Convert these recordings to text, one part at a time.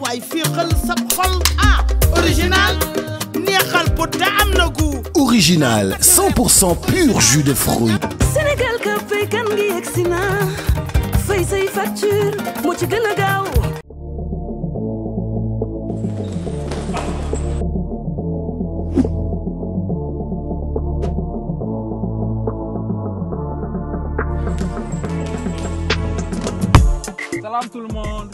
waay féexal sa xol ah original neexal bu te am na gu original 100% pur jus de fruits Sénégal ka fay kan ngi yegsi na fay say facture moo ci gën a gaaw Salam tout le monde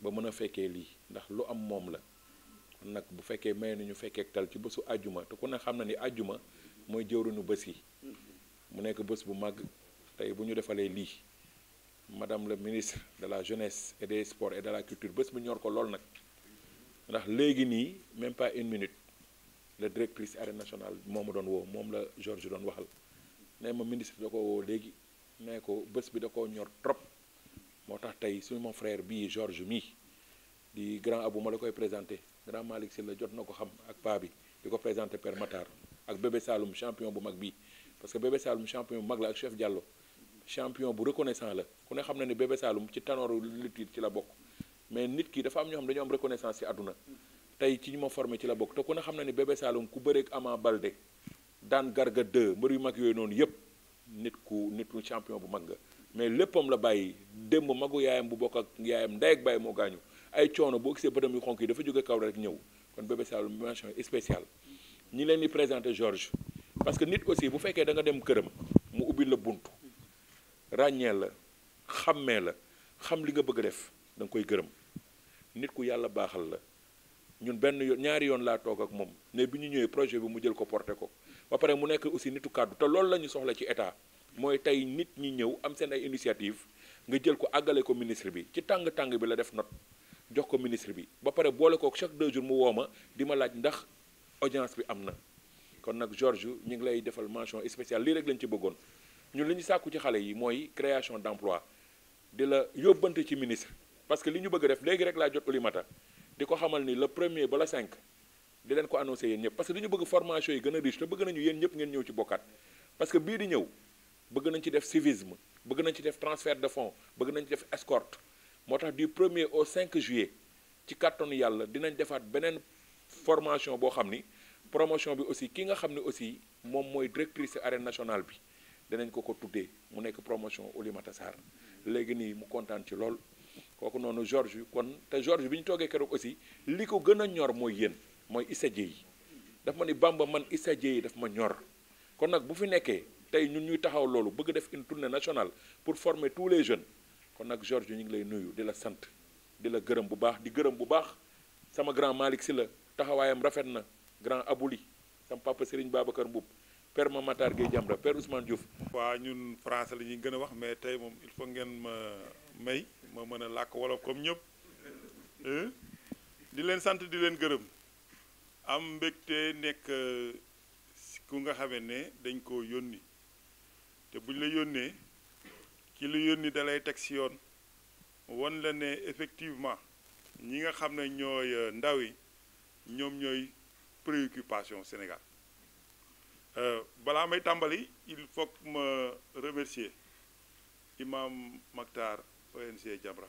ba mën a fekkee lii ndax lu am moom la nag bu fekkee may ñu fekkee tal ci bësu àjjuma te ku ne xam na ni àjjuma mooy jëwriñu bës yi mu nekk bës bu màgg tey bu ñu defalee lii madame la ministre de la jeunesse et des sports et de la culture bës bu ñor ko lool nag ndax léegi nii même pas une minute la directrice arène nationale moo ma doon woo moom la Georges doon waxal nee ma ministre da ko woo léegi nee ko bës bi da koo ñor trop moo tax tey suñu mon frère bii Georges mii di grand abou ma la koy présenté grand Malick la jot na ko xam ak paa bi di ko présenté Père Matar ak Bébé Saloum champion bu mag bii parce que Bébé Saloum champion bu mag la ak Chef Diallo champion bu reconnaissant la ku ne xam na ne Bébé Saloum ci tanooru lutte ci la bokk mais nit ki dafa am ñoo xam dañoo am reconnaissance ci àdduna tey ci ñu ma formé ci la bokk te ku ne xam na ne Bébé Saloum ku bëreeg Ama Baldé daan Garga 2 yu mag yooyu noonu yépp nit ku nit ku champion bu mag nga mais léppam la bàyyi démb magu yaayam bu bokk ak yaayam ndey ak bàyyi moo gaañu ay coono boo gisee bëtam yu xonk yi dafa jóge kaw rek ñëw kon bébé Saloum mention spéciale ñi leen di présenter Georges parce que nit aussi bu fekkee da nga dem këram mu ubbi la bunt ràññee la xàmmee la xam li nga bëgg a def danga koy gërëm nit ku yàlla baaxal la ñun benn yoon ñaari yoon laa toog ak moom mais bu ñu ñëwee projet bi mu jël ko porté ko ba pare mu nekk aussi nitu kàddu te loolu la ñu soxla ci état mooy tey nit ñi ñëw am seen ay initiative nga jël ko àggale ko ministre bi ci tàng tàng bi la def note jox ko ministre bi ba pare boole ko chaque deux jours mu woo ma di ma laaj ndax audience bi am na kon nag Georges ñu ngi lay defal mention spéciale lii rek lañ ci bëggoon ñu li ñu sàkku ci xale yi mooy création d'emploi di la yóbbante ci ministre parce que li ñu bëgg def léegi rek laa jot Oulimata di ko xamal ni le premier ba la cinq di leen ko annoncé yi gën a riche te bëgg nañu ñëw ci bokkaat parce que bii di ñëw bëgg nañ ci def civisme bëgg nañ ci def transfert de fonds bëgg nañ ci def escorte moo tax du premier au 5 juillet ci kàttanu yàlla dinañ defaat beneen formation boo xam ni promotion bi aussi ki nga xam ne aussi moom mooy directrice arène nationale bi danañ ko ko tuddee mu nekk promotion Oulimata Sarr léegi nii mu kontaan ci lool kooku noonu Georges kon te Georges bi ñu toogee keroog aussi li ko gën a ñor mooy yéen mooy Issa yi daf ma ni Bamba man Issa yi daf ma ñor kon nag bu fi nekkee tey ñun ñuy taxaw loolu bëgg def une tournée nationale pour former tous les jeunes kon nag Georges ñu ngi lay nuyu di la sant di la gërëm bu baax di gërëm bu baax sama grand Malick si la taxawaayam rafet na grand Abouli sama papa Serigne Babacar Mboub père Mame Matar Gueye Jamra père Ousmane Diouf. waa ñun français la ñuy gën a wax mais tey moom il faut ngeen ma may ma mën a làkk wolof comme ñëpp di leen sant di leen gërëm am mbégte nekk ku nga xamee ne dañ ko yónni. te buñ la yónnee ki la yónni dalay teg si yoon wan la ne effectivement ñi nga xam ne ñooy euh, ndaw yi ñoom ñooy préoccupation Sénégal euh, balaa may tàmbali il faut que ma remercier imam Maktar ONG Jamra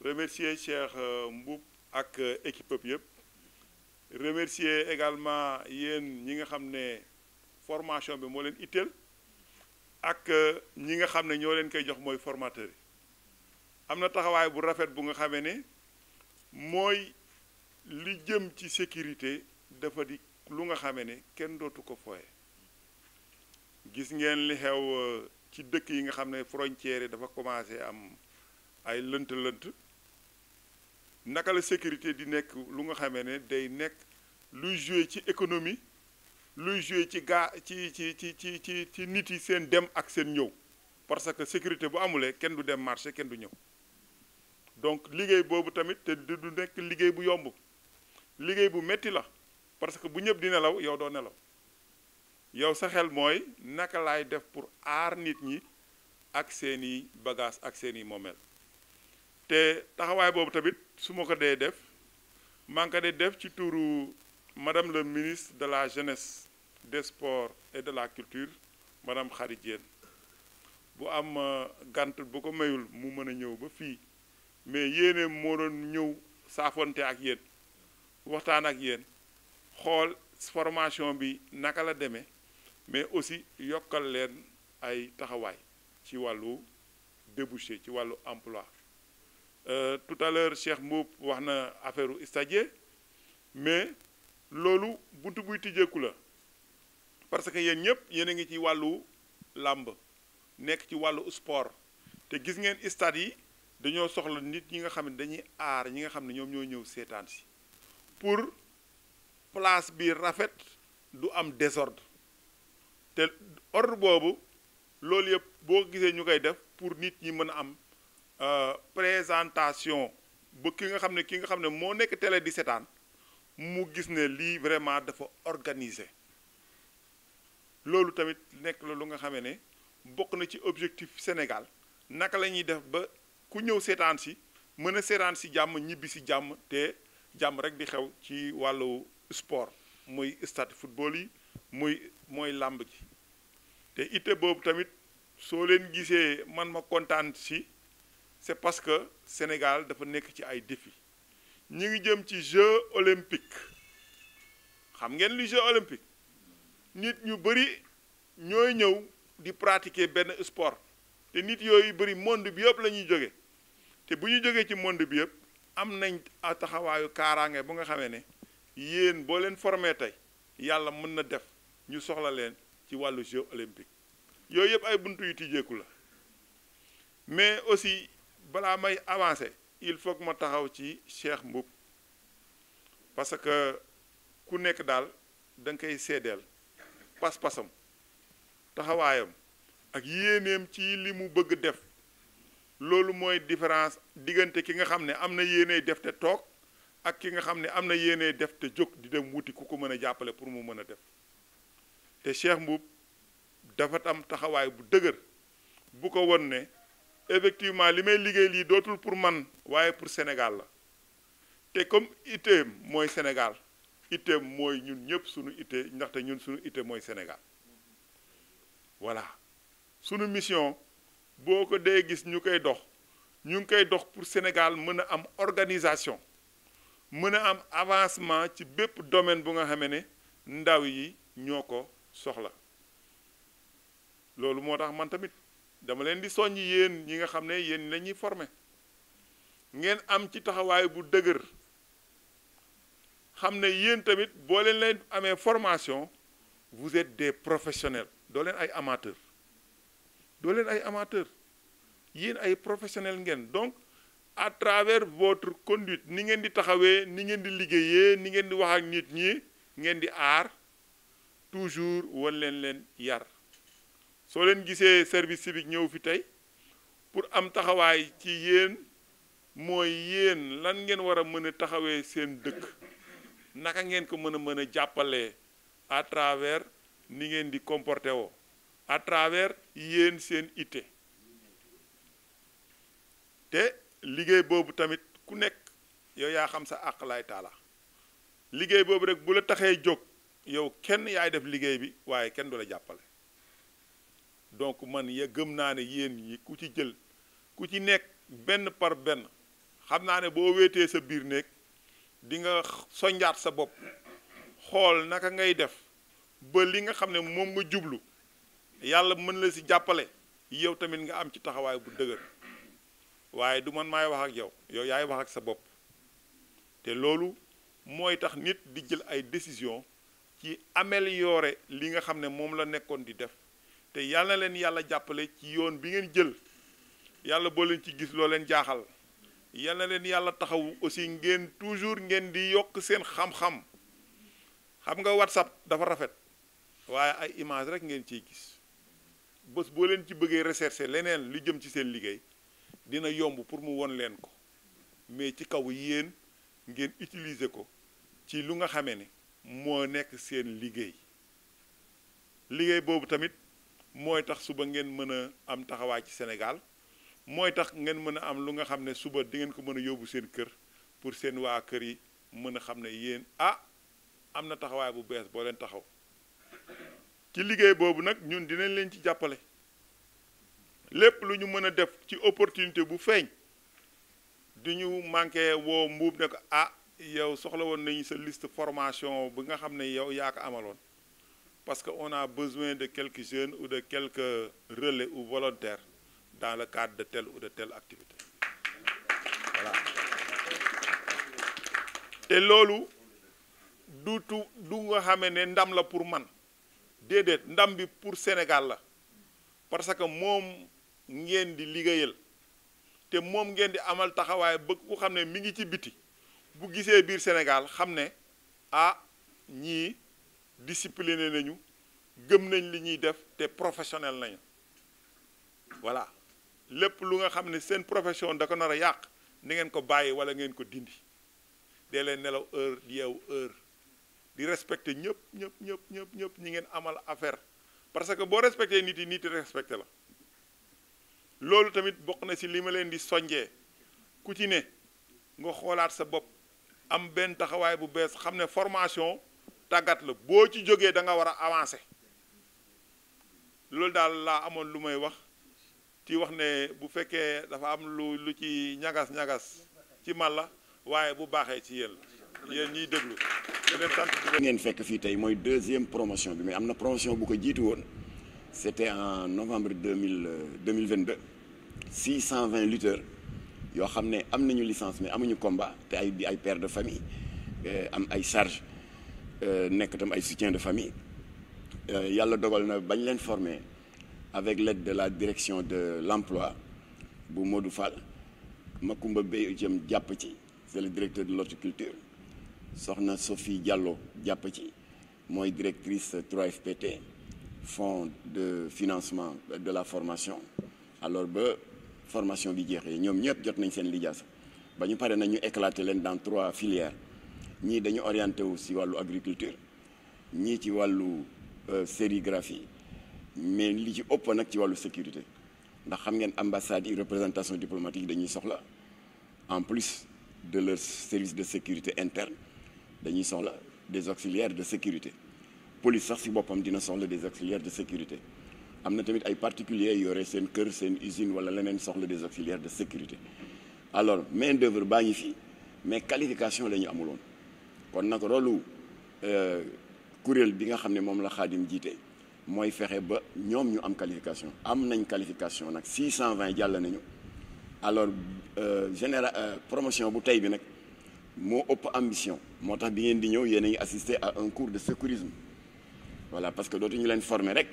remercier Cheikh euh, Mboub ak équipe yëpp remercier également yéen ñi nga xam ne formation bi moo leen itteel ak euh, ñi nga xam ne ñoo leen koy jox mooy formateur yi am na taxawaay bu rafet bu nga xamee ne mooy li jëm ci sécurité dafa di lu nga xamee ne kenn dootu ko fooye gis ngeen li xew euh, ci dëkk yi nga xam ne frontière yi dafa commencé am ay lënt-lënt naka la sécurité di nekk lu nga xamee ne day nekk lu jouer ci économie luy joué ci gaa ci ci ci ci ci ci nit yi seen dem ak seen ñëw parce que sécurité bu amulee kenn du dem marché kenn du ñëw donc liggéey boobu tamit te du nekk liggéey bu yomb liggéey bu metti la parce que bu ñëpp di nelaw yow doo nelaw yow sa xel mooy naka laay def pour aar nit ñi ak seeni bagage ak seeni moomeel te taxawaay boobu tamit su ma ko dee def maa ngi ko dee def ci tuuru madame le ministre de la jeunesse des sports et de la culture madame Khary Diène bu am euh, gant bu ko mayul mu mën a ñëw ba fii mais yéene moo doon ñëw saafonte ak yéen waxtaan ak yéen xool formation bi naka la demee mais aussi yokkal leen ay taxawaay ci wàllu débouché ci wàllu emploi euh, tout à l'heure Cheikh Mboup wax na affaire u stagiaire mais loolu buntu buy tijjeeku la parce que yéen ñëpp yéen a ngi ci wàllu làmb nekk ci wàllu sport te gis ngeen stade yi dañoo soxla nit ñi nga xam ne dañuy aar ñi nga xam ne ñoom ñoo ñëw seetaan si pour place bi rafet du am désordre te ordre boobu loolu yëpp boo gisee ñu koy def pour nit ñi mën a am euh, présentation ba ki nga xam ne ki nga xam ne moo nekk télé di seetaan mu gis ne lii vraiment dafa organiser loolu tamit nekk la lu nga xamee ne bokk na ci objectif Sénégal naka la ñuy def ba ku ñëw seetaan si mën a seetaan si jàmm ñibbi si jàmm te jàmm rek di xew ci wàllu sport muy stade football yi muy mooy làmb ji te ite boobu tamit soo leen gisee man ma kontaan si c'est parce que Sénégal dafa nekk ci ay défi ñi ngi jëm ci Jeux olympiques xam ngeen li Jeux olympiques nit ñu bëri ñooy ñëw di pratiquer benn sport te nit yooyu bëri monde bi yëpp la ñuy jóge te bu ñu jógee ci monde bi yëpp am nañ taxawaayu kaaraange bu nga xamee ne yéen boo leen formé tey yàlla mën na def ñu soxla leen ci wàllu jeu olympique yooyu yëpp ay buntu yu tijjeeku la mais aussi balaa may avancé il faut ma taxaw ci Cheikh Mboup parce que ku nekk daal da nga koy seedeel pas-pasam taxawaayam ak yéeneem ci li mu bëgg def loolu mooy différence diggante ki nga xam ne am na yéeney def te toog ak ki nga xam ne am na yéeney def te jóg di dem wuti ku ko mën a jàppale pour mu mën a def te Cheikh Mboup dafa am taxawaay bu dëgër bu ko won ne effectivement li may liggéey lii dootul pour man waaye pour Sénégal la te comme itam mooy Sénégal itteem mooy ñun ñëpp suñu itte ndaxte ñun sunu ite mooy Sénégal voilà suñu mission boo ko dee gis ñu koy dox ñu ngi koy dox pour Sénégal mën a am organisation mën a am avancement ci bépp domaine bu nga xamee ne ndaw yi ñoo ko soxla loolu moo tax man tamit dama leen di soññ yéen ñi nga xam ne yéen la ñuy former ngeen am ci taxawaay bu dëgër xam ne yéen tamit boo leen leen amee formation vous êtes de professionnels doo leen ay amateurs doo leen ay amateurs yéen ay professionnel ngeen donc à travers votre conduite ni ngeen di taxawee ni ngeen di liggéeyee ni ngeen di wax ak nit ñi ngeen di aar toujours wan leen leen yar soo leen gisee service civique ñëw fi tey pour am taxawaay ci yéen mooy yéen lan ngeen war a mën a taxawee seen dëkk naka ngeen ko mën a mën a jàppalee à travers ni ngeen di comporté woo à travers yéen seen ité te liggéey boobu tamit ku nekk yow yaa xam sa àq laay taala liggéey boobu rek bu la taxee jóg yow kenn yaay def liggéey bi waaye kenn du la jàppale donc man ya gëm naa ne yéen yi ku ci jël ku ci nekk benn par benn xam naa ne boo weetee sa biir néeg di nga soñjaat sa bopp xool naka ngay def ba li nga xam ne moom nga jublu yàlla mën la si jàppale yow tamit nga am ci taxawaay bu dëgër waaye du man maay wax ak yow yow yaay wax ak sa bopp te loolu mooy tax nit di jël ay décision ci améliorer li nga xam ne moom la nekkoon di def te yàlla leen yàlla jàppale ci yoon bi ngeen jël yàlla boo leen ci gis loo leen jaaxal yal leen yàlla taxawu aussi ngeen toujours ngeen di yokk seen xam-xam xam nga whatsapp dafa rafet waaye ay image rek ngeen ciy gis bés boo leen ci bëggee rechercher leneen lu jëm ci seen liggéey dina yomb pour mu won leen ko mais ci kaw yéen ngeen utiliser ko ci lu nga xamee ne moo nekk seen liggéey liggéey boobu tamit mooy tax suba ngeen mën a am taxawaay ci Sénégal mooy tax ngeen mën a am lu nga xam ne suba di ngeen ko mën a yóbbu seen kër pour seen waa kër yi mën a xam ne yéen ah am na taxawaay bu bees boo leen taxaw ci liggéey boobu nag ñun dinañ leen ci jàppale lépp lu ñu mën a def ci opportunité bu feeñ du ñu manqué woo mbuub ne ko ah yow soxla woon nañu sa liste formation bi nga xam ne yow yaa ko amaloon parce que on a besoin de quelques jeunes ou de quelque relais ou volontaires dans le cadre de telle ou de telle activité te loolu du tu du nga xame ne ndam la pour man déedéet ndam bi pour Sénégal la parce que moom ngeen di liggéeyal te moom ngeen di amal taxawaay bëgg ku xam ne mi ngi ci biti bu gisee biir Sénégal xam ne ah ñii discipliné nañu gëm nañ li ñuy def te professionnel nañu voilà lépp lu nga xam ne seen profession da ko nar a yàq ni ngeen ko bàyyi wala ngeen ko dindi dee leen nelaw heure di yeewu heure di respecté ñëpp ñëpp ñëpp ñëpp ñëpp ngeen amal affaire parce que boo respecté nit yi nit yi respecté la loolu tamit bokk na si li ma leen di sonjee ku ci ne nga xoolaat sa bopp am benn taxawaay bu bees xam ne formation tàggat la boo ci jógee da nga war a avancer loolu daal laa amoon lu may wax ci wax ne bu fekkee dafa am lu lu ci ñagas-ñagas ci man la waaye bu baaxee ci yéen la yéen ñiy déglu leen sant ngeen fekk fii tey mooy deuxième promotion bi mais am na promotion bu ko jiitu woon c'était en novembre 2000 2022 620 lutteurs yoo xam ne am nañu licence mais amuñu combat te ay di ay père de famille euh, am ay charge euh, nekk tam ay soutien de famille euh, yàlla dogal na bañ leen former avec l'aide de la direction de l'emploi bu Modou ma Makumba Bey jëm jàpp ci seen le directeur de l'horticulture Soxna Sophie jàlloo jàpp ci mooy directrice 3FPT fonds de financement de la formation alors ba formation bi jeexee ñoom ñëpp jot nañ seen lijaasa ba ñu pare nañu éclater leen dans trois filières ñii dañu orienté wu si wàllu agriculture ñii ci wàllu euh, sérigraphie mais li ci ëpp nag ci wàllu sécurité ndax xam ngeen ambassades yi représentation diplomatique dañuy soxla en plus de leur service de sécurité interne dañuy soxla des auxiliaires de sécurité police sax si boppam dina soxla des auxiliaires de sécurité am na tamit ay particuliers yore seen kër seen usine wala leneen soxla des auxiliaires de sécurité alors main d'œuvre baa ngi fi mais qualification la ñu amuloon kon nag rolu euh, kuréel bi nga xam ne moom la xaadim jiite mooy fexe ba ñoom ñu am qualification am nañ qualification nag 620 jàll nañu alors euh, général euh, promotion bu tey bi nag moo ëpp ambition moo tax bi ngeen di ñëw yéen a ngi assister à un cours de secourisme voilà parce que dootuñu leen former rek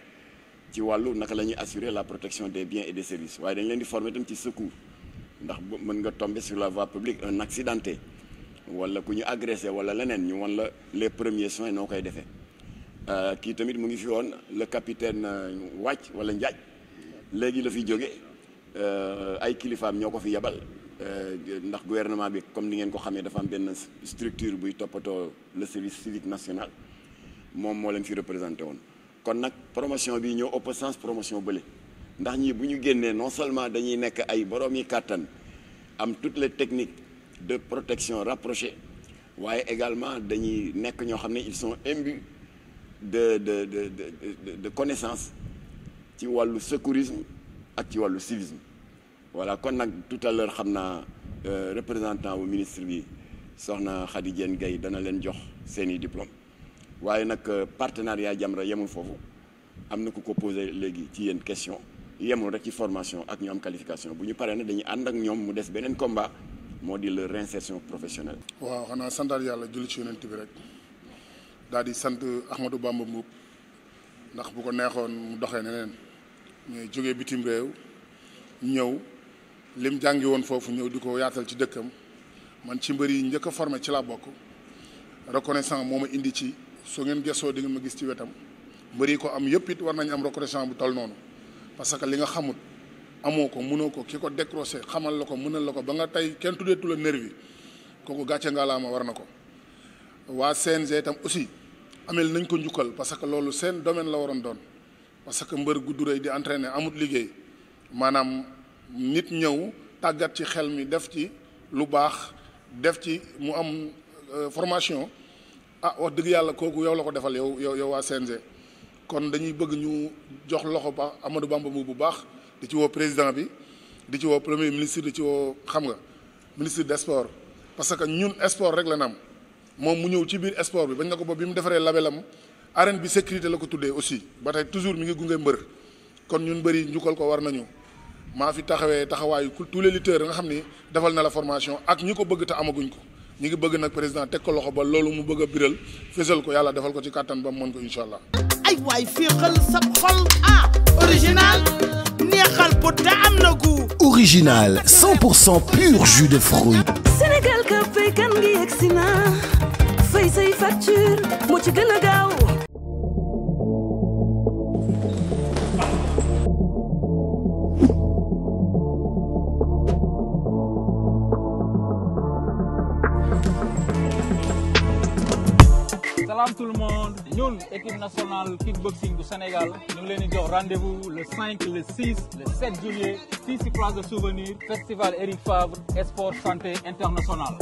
ci wàllu naka la ñuy assurer la protection des biens et des services waaye dañ leen di former tam ci secours ndax mën nga tombe sur la voie publique un accidenté wala ku ñu agressé wala leneen ñu wan la les premier soins noo koy defee. Euh, kii tamit mu ngi fi woon le capitaine euh, Wàcc wala Njaaj léegi la fi jóge euh, ay kilifaam ñoo ko fi yebal ndax gouvernement bi comme ni ngeen ko xamee dafa am benn structure buy toppatoo le service civique national moom moo leen fi représenté woon kon nag promotion bi ñoo ëpp sens promotion bële ndax ñii bu ñu génnee non seulement dañuy nekk ay boroom yi kàttan am toutes les techniques de protection rapprochée waaye également dañuy nekk ñoo xam ne ils sont de de de de de connaissance ci wàllu secourisme ak ci wàllu civisme voilà kon nag tout à l'heure xam naa euh, représentant wu ministre bi soxna Khady Diène Gaye dana leen jox seeni diplôme waaye nag euh, partenariat jam Jamra yemul foofu am na ku ko posé léegi ci yéen question yemul rek ci formation ak ñoom am qualification bu ñu paree nag dañuy ànd ak ñoom mu des beneen combat moo di le réinsertion professionnelle. waaw xanaa santaat yàlla julli ci yonent bi rek. daal di sant Ahmadou Bamba Mbuub ndax bu ko neexoon mu doxee neneen mais jógee bitim réew ñëw lim jàngi woon foofu ñëw di ko yaatal ci dëkkam man ci mbër yi njëkk a ci laa bokk reconnaissant moo ma indi ci soo ngeen gëstoo di ngeen ma gis ci wetam mbër yi ko am yëpp it war nañ am reconnaissant bu toll noonu parce que li nga xamut amoo ko mënoo ko ki ko décroché xamal la ko mënal la ko ba nga tey kenn tuddeetu la nervi kooku gàcce ngalaama war na ko waa CNG itam amel nañ ko njukkal parce que loolu seen domaine la waroon doon parce que mbër gu duréy di entraîner amut liggéey maanaam nit ñëw tàggat ci xel mi def ci lu baax def ci mu am euh, formation ah wax dëgg yàlla kooku yow la ko defal yow yow yow waa CNG kon dañuy bëgg ñu jox loxo ba Amadou Bamba bu baax di ci woo président bi di ci woo premier ministre di ci woo xam nga ministre des sports parce que ñun esport rek la am moom mu ñëw ci biir sport bi bañ na ko boobu bi mu defaree labelam arène bi sécurité la ko tuddee aussi ba tey toujours mi ngi gunge mbër kon ñun bëri njukkal ko war nañu maa fi taxawee taxawaayu tous les lutteurs nga xam ni defal na la formation ak ñi ko bëgg te amaguñ ko ñi ngi bëgg nag président teg ko loxo ba loolu mu bëgg a biral fésal ko yàlla defal ko ci kàttan ba mu mën ko incha allah. ay waay féexal sab xol ah original neexal bu te am na fay say facture moo ci gën a gaaw salaam tout le monde ñun équipe nationale kickboxing du Sénégal ñu ngi leen di jox rendez-vous le 5 le 6 le 7 juillet fii ci place de souvenir festival Eric Favre sport santé international